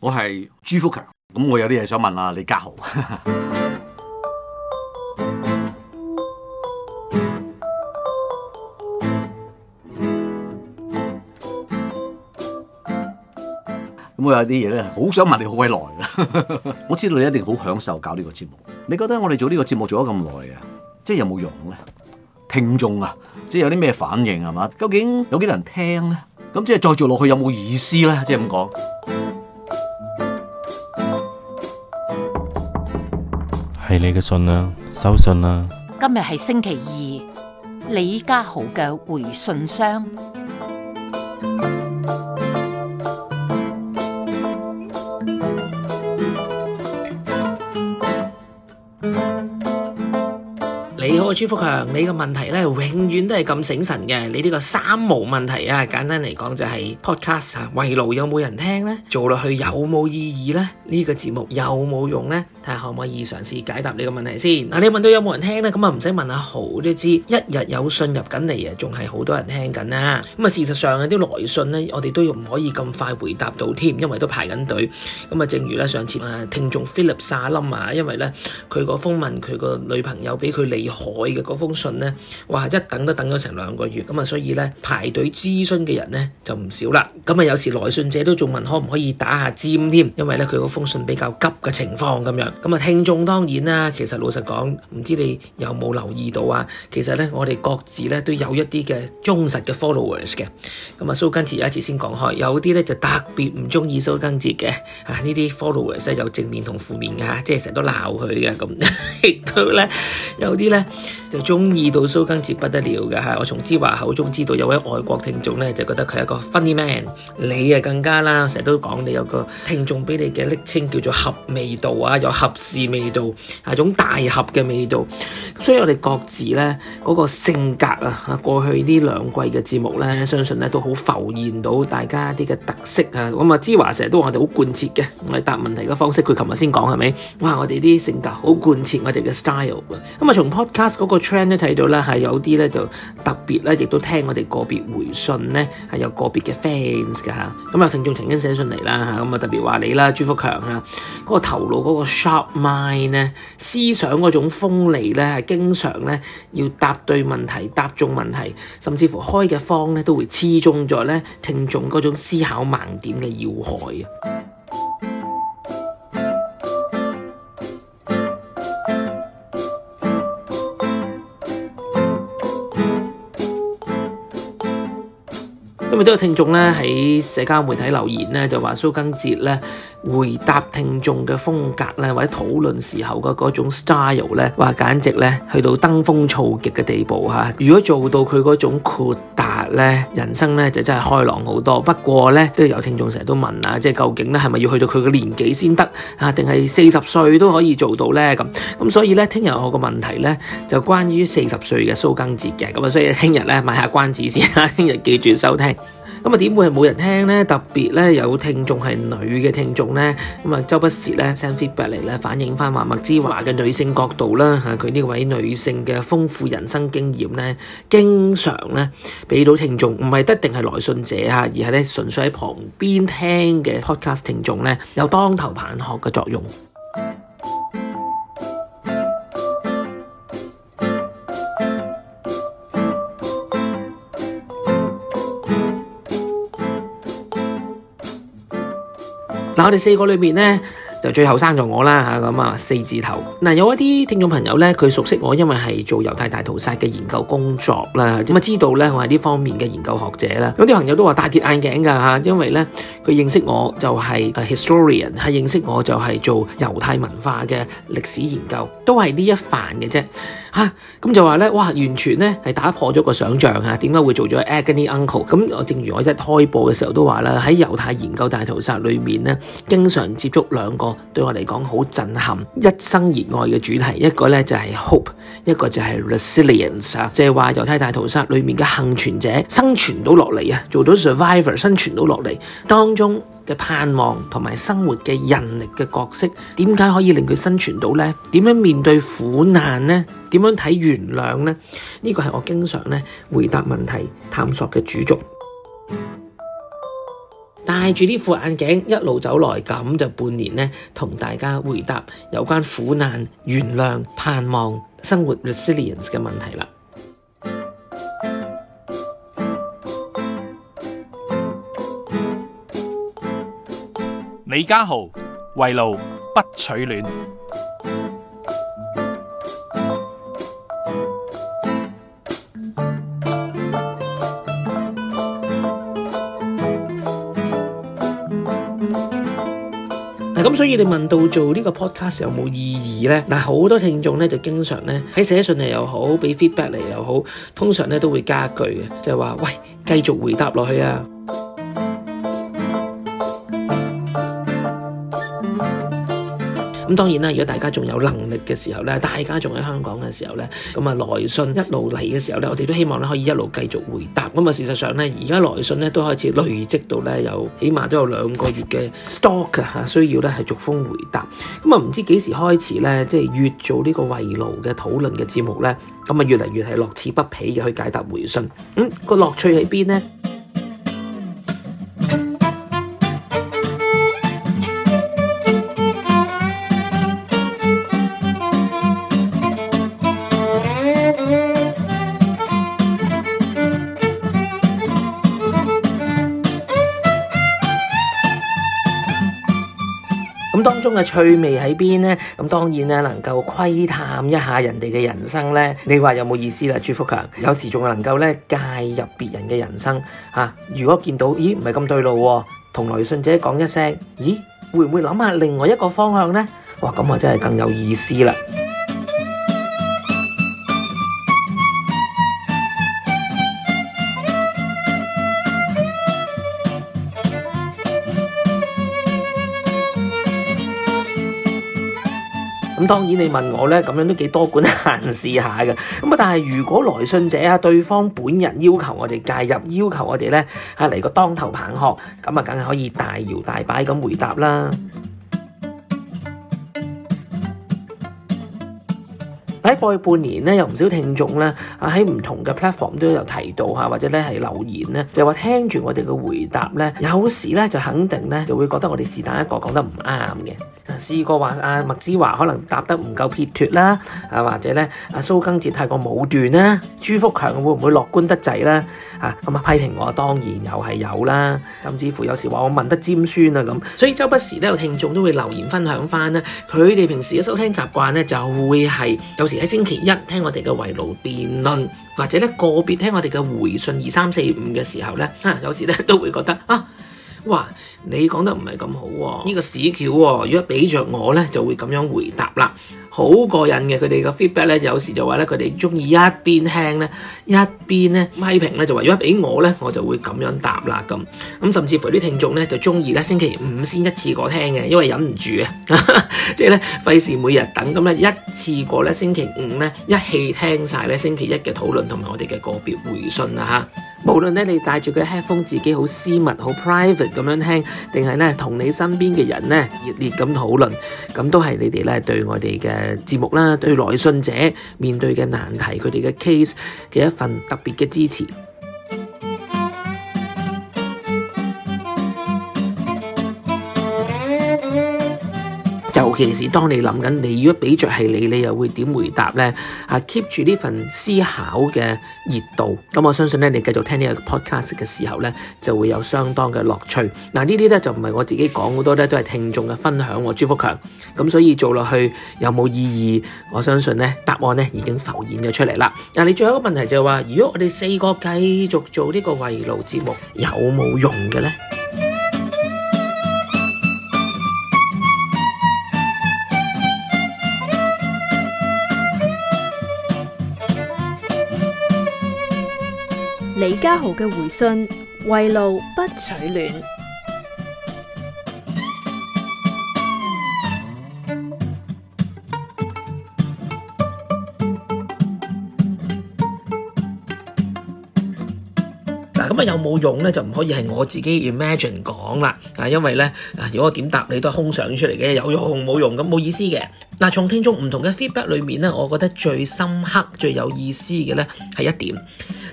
我係朱福強，咁我有啲嘢想問下、啊、李家豪。咁 我有啲嘢咧，好想問你好鬼耐。 我知道你一定好享受搞呢個節目。你覺得我哋做呢個節目做咗咁耐啊，即係有冇用咧？聽眾啊，即係有啲咩反應係嘛？究竟有幾多人聽咧？咁即係再做落去有冇意思咧？即係咁講。係你嘅信啦，收信啦。今日係星期二，李家豪嘅回信箱。朱福強，你個問題咧永遠都係咁醒神嘅。你呢個三毛問題啊，簡單嚟講就係 podcast 啊，圍爐有冇人聽呢？做落去有冇意義呢？呢、這個節目有冇用呢？睇下可唔可以嘗試解答你個問題先。嗱、啊，你問到有冇人聽呢？咁啊唔使問阿豪，都知，一日有信入緊嚟啊，仲係好多人聽緊啦。咁啊，事實上有啲來信呢，我哋都唔可以咁快回答到添，因為都排緊隊。咁啊，正如咧上次啊，聽眾 Philip 沙林啊，因為呢，佢個封問佢個女朋友比佢厲害。嘅嗰封信呢，哇！一等都等咗成兩個月，咁啊，所以呢，排隊諮詢嘅人呢，就唔少啦。咁啊，有時來信者都仲問可唔可以打下尖添，因為呢，佢嗰封信比較急嘅情況咁樣。咁啊，聽眾當然啦，其實老實講，唔知你有冇留意到啊？其實呢，我哋各自呢，都有一啲嘅忠實嘅 followers 嘅。咁啊，蘇根節有一次先講開，有啲呢，就特別唔中意蘇根節嘅啊，呢啲 followers 呢，有正面同負面嘅嚇，即係成日都鬧佢嘅咁。亦都呢，有啲呢。就中意到蘇根哲不得了嘅，吓，我從芝華口中知道有位外國聽眾咧，就覺得佢係一個 funny man，你啊更加啦，成日都講你有個聽眾俾你嘅昵稱叫做合味道啊，有合時味道，係種大合嘅味道。所以我哋各自咧、嗰個性格啊，吓過去這兩的呢兩季嘅節目咧，相信咧都好浮現到大家啲嘅特色啊。咁啊，芝華成日都話我哋好貫徹嘅，我哋答問題嘅方式，佢琴日先講係咪？哇！我哋啲性格好貫徹我哋嘅 style 咁啊，從 podcast 嗰、嗰個。trend 都睇到啦，係有啲咧就特別咧，亦都聽我哋個別回信咧，係有個別嘅 fans 噶嚇。咁啊，聽眾曾經寫信嚟啦嚇，咁啊就特別話你啦，朱福強啊，嗰個頭腦嗰個 sharp mind 咧，思想嗰種鋒利咧，係經常咧要答對問題、答中問題，甚至乎開嘅方咧都會黐中咗咧聽眾嗰種思考盲點嘅要害啊！咁都有聽眾咧喺社交媒體留言咧，就話蘇根哲咧。回答聽眾嘅風格或者討論時候嘅嗰種 style 簡直去到登峰造極嘅地步。如果做到佢嗰種豁達，人生就真係開朗好多。不過咧，都有聽眾成日都問啊，即究竟是係咪要去到佢嘅年紀先得啊？定係四十歲都可以做到呢？」咁所以呢，聽日我個問題呢就關於四十歲嘅蘇更捷嘅。咁所以聽日呢，賣一下關子先。聽日記住收聽。咁啊，點會係冇人聽呢？特別咧，有聽眾係女嘅聽眾呢。咁啊，周不時咧 send feedback 嚟咧，反映翻話麥之華嘅女性角度啦。嚇，佢呢位女性嘅豐富人生經驗咧，經常咧俾到聽眾，唔係一定係來信者嚇，而係咧純粹喺旁邊聽嘅 podcast 聽眾咧，有當頭棒喝嘅作用。嗱，我哋四個裏面咧，就最後生咗我啦吓，咁啊四字頭。嗱，有一啲聽眾朋友咧，佢熟悉我，因為係做猶太大屠殺嘅研究工作啦，咁啊知道咧我係呢方面嘅研究學者啦。有啲朋友都話大跌眼鏡噶吓，因為咧佢認識我就係 historian，係認識我就係做猶太文化嘅歷史研究，都係呢一範嘅啫。咁、啊、就話呢，哇！完全呢係打破咗個想像啊！點解會做咗 Agony Uncle？咁我正如我一開播嘅時候都話啦，喺猶太研究大屠殺裏面呢，經常接觸兩個對我嚟講好震撼、一生熱愛嘅主題，一個呢就係、是、Hope，一個就係 Resilience 啊！即係話猶太大屠殺裏面嘅幸存者生存到落嚟啊，做到 survivor 生存到落嚟當中。嘅盼望同埋生活嘅人力嘅角色，點解可以令佢生存到咧？點樣面對苦難咧？點樣睇原諒咧？呢個係我經常咧回答問題、探索嘅主軸。戴住呢副眼鏡一路走來，咁就半年咧，同大家回答有關苦難、原諒、盼望、生活 resilience 嘅問題啦。李家豪，為路不取暖。嗱，咁所以你問到做呢個 podcast 有冇意義咧？嗱，好多聽眾咧就經常咧喺寫信嚟又好，俾 feedback 嚟又好，通常咧都會加句嘅，就係話：喂，繼續回答落去啊！咁當然啦，如果大家仲有能力嘅時候咧，大家仲喺香港嘅時候咧，咁啊來信一路嚟嘅時候咧，我哋都希望咧可以一路繼續回答。咁啊事實上咧，而家來信咧都開始累積到咧有起碼都有兩個月嘅 stock 啊，需要咧係逐封回答。咁啊唔知幾時開始咧，即係越做呢個圍爐嘅討論嘅節目咧，咁啊越嚟越係樂此不疲嘅去解答回信。咁、那個樂趣喺邊咧？當中嘅趣味喺邊呢？咁當然咧，能夠窺探一下人哋嘅人生呢？你話有冇意思啦？朱福強有時仲能夠咧介入別人嘅人生啊！如果見到咦唔係咁對路啊，同來信者講一聲咦，會唔會諗下另外一個方向呢？哇！咁啊真係更有意思啦～當然，你問我呢，咁樣都幾多管閒事下嘅。咁啊，但係如果來信者啊，對方本人要求我哋介入，要求我哋呢，係嚟個當頭棒喝，咁啊，梗係可以大搖大擺咁回答啦。喺過去半年咧，有唔少聽眾咧，啊喺唔同嘅 platform 都有提到吓，或者咧係留言咧，就話聽住我哋嘅回答咧，有時咧就肯定咧就會覺得我哋是但一個講得唔啱嘅。試過話阿麥之華可能答得唔夠撇脱啦，啊或者咧阿蘇更節太過武斷啦，朱福強會唔會樂觀得滯啦，啊咁啊批評我當然又係有啦，甚至乎有時話我問得尖酸啊咁，所以周不時咧都有聽眾都會留言分享翻咧，佢哋平時嘅收聽習慣咧就會係有時。喺星期一聽，我哋嘅圍爐辯論或者咧個別聽我哋嘅回信二三四五嘅時候咧，啊有時咧都會覺得啊。哇！你講得唔係咁好喎，啊，呢、呢個屎橋喎，如果俾着我呢，就會咁樣回答啦，好過癮嘅。佢哋嘅 feedback 呢，有時就話呢，佢哋中意一邊聽呢，一邊呢，批評呢，就話如果俾我呢，我就會咁樣答啦咁。咁甚至乎啲聽眾呢，就中意呢星期五先一次過聽嘅，因為忍唔住啊，即 係呢，費事每日等，咁呢一次過呢星期五呢，一氣聽晒呢星期一嘅討論同埋我哋嘅個別回信啦，啊嚇無論咧你戴住個 headphone 自己好私密好 private 咁樣聽，定係咧同你身邊嘅人咧熱烈咁討論，咁都係你哋咧對我哋嘅節目啦，對來信者面對嘅難題佢哋嘅 case 嘅一份特別嘅支持。即使當你諗緊，你如果俾着係你，你又會點回答呢啊，keep 住呢份思考嘅熱度。咁我相信咧，你繼續聽呢個 podcast 嘅時候呢，就會有相當嘅樂趣。嗱，呢啲呢就唔係我自己講好多咧，都係聽眾嘅分享喎，朱福強。咁所以做落去有冇意義？我相信呢答案咧已經浮現咗出嚟啦。嗱，你最後一個問題就係話，如果我哋四個繼續做呢個圍爐節目，有冇用嘅呢？李家豪嘅回信：圍爐不取暖。咁有冇用咧就唔可以係我自己 imagine 講啦，啊，因為咧啊，如果我點答你都係空想出嚟嘅，有用冇用咁冇意思嘅。嗱、啊，從聽眾唔同嘅 feedback 裏面咧，我覺得最深刻、最有意思嘅咧係一點，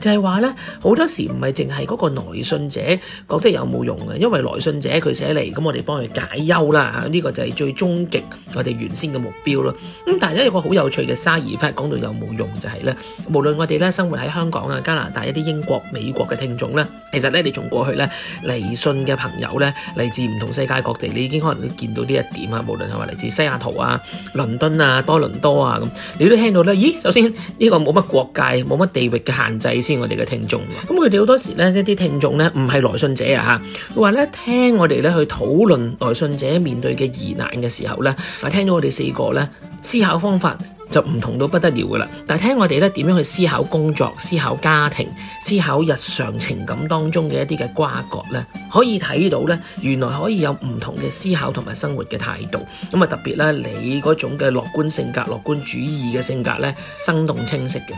就係話咧好多時唔係淨係嗰個來信者覺得有冇用嘅，因為來信者佢寫嚟，咁我哋幫佢解憂啦嚇，呢、啊這個就係最終極我哋原先嘅目標咯。咁、嗯、但係咧有個好有趣嘅 s 沙爾法講到有冇用就係咧，無論我哋咧生活喺香港啊、加拿大一啲英國、美國嘅聽眾。咧，其實咧，你從過去咧嚟信嘅朋友咧，嚟自唔同世界各地，你已經可能都見到呢一點啊。無論係話嚟自西雅圖啊、倫敦啊、多倫多啊咁，你都聽到咧。咦，首先呢個冇乜國界，冇乜地域嘅限制先，我哋嘅聽眾。咁佢哋好多時咧一啲聽眾咧，唔係來信者啊嚇，佢話咧聽我哋咧去討論來信者面對嘅疑難嘅時候咧，啊，聽到我哋四個咧思考方法。就唔同到不得了噶啦，但係聽我哋咧點樣去思考工作、思考家庭、思考日常情感當中嘅一啲嘅瓜葛咧，可以睇到咧，原來可以有唔同嘅思考同埋生活嘅態度。咁啊，特別咧，你嗰種嘅樂觀性格、樂觀主義嘅性格咧，生動清晰嘅。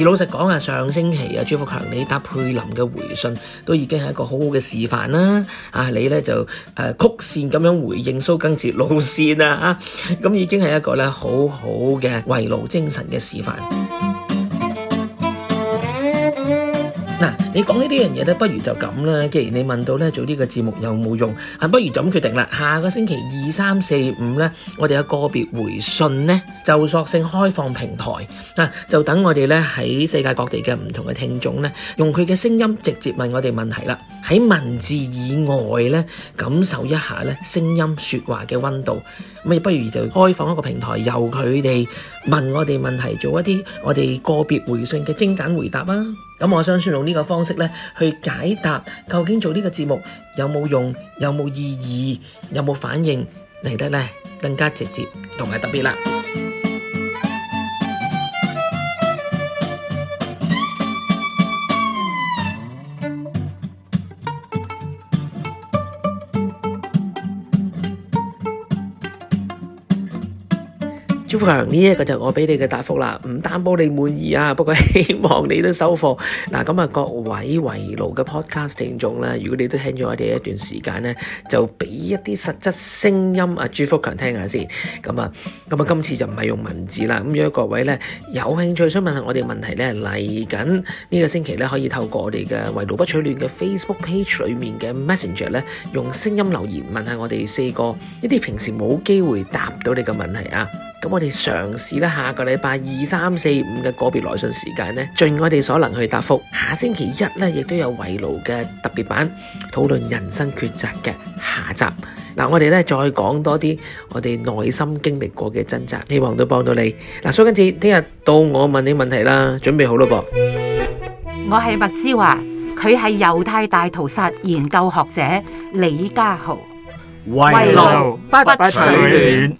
而老實講啊，上星期啊，朱福強你答佩林嘅回信都已經係一個很好好嘅示範啦。啊，你咧就誒、呃、曲線咁樣回應蘇更治路線啦，啊，咁、嗯、已經係一個咧好好嘅圍爐精神嘅示範。講呢啲樣嘢咧，不如就咁啦。既然你問到咧，做呢個節目有冇用？啊，不如就咁決定啦。下個星期二、三四五咧，我哋有個別回信呢，就索性開放平台啊，就等我哋咧喺世界各地嘅唔同嘅聽眾咧，用佢嘅聲音直接問我哋問題啦。喺文字以外咧，感受一下咧聲音說話嘅温度。咁啊，不如就開放一個平台，由佢哋。問我哋問題，做一啲我哋個別回信嘅精簡回答啊！咁我相信用呢個方式呢，去解答究竟做呢個節目有冇用，有冇意義，有冇反應，嚟得呢更加直接同埋特別啦。朱福強呢一個就我俾你嘅答覆啦，唔擔保你滿意啊。不過希望你都收貨嗱。咁啊，各位圍爐嘅 podcast 聽眾咧，如果你都聽咗我哋一段時間咧，就俾一啲實質聲音啊，朱福強聽下先。咁啊，咁啊，今次就唔係用文字啦。咁如果各位咧有興趣想問下我哋問題咧，嚟緊呢個星期咧，可以透過我哋嘅圍爐不取暖嘅 Facebook page 裏面嘅 Messenger 咧，用聲音留言問下我哋四個一啲平時冇機會答到你嘅問題啊。咁我哋嘗試咧，下個禮拜二、三、四、五嘅個別來信時間咧，盡我哋所能去答覆。下星期一咧，亦都有圍爐嘅特別版討論人生抉擇嘅下集。嗱，我哋咧再講多啲我哋內心經歷過嘅掙扎，希望都幫到你。嗱，所以今次，聽日到我問你問題啦，準備好咯噃。我係麥之華，佢係猶太大屠殺研究學者李家豪。圍爐不取暖。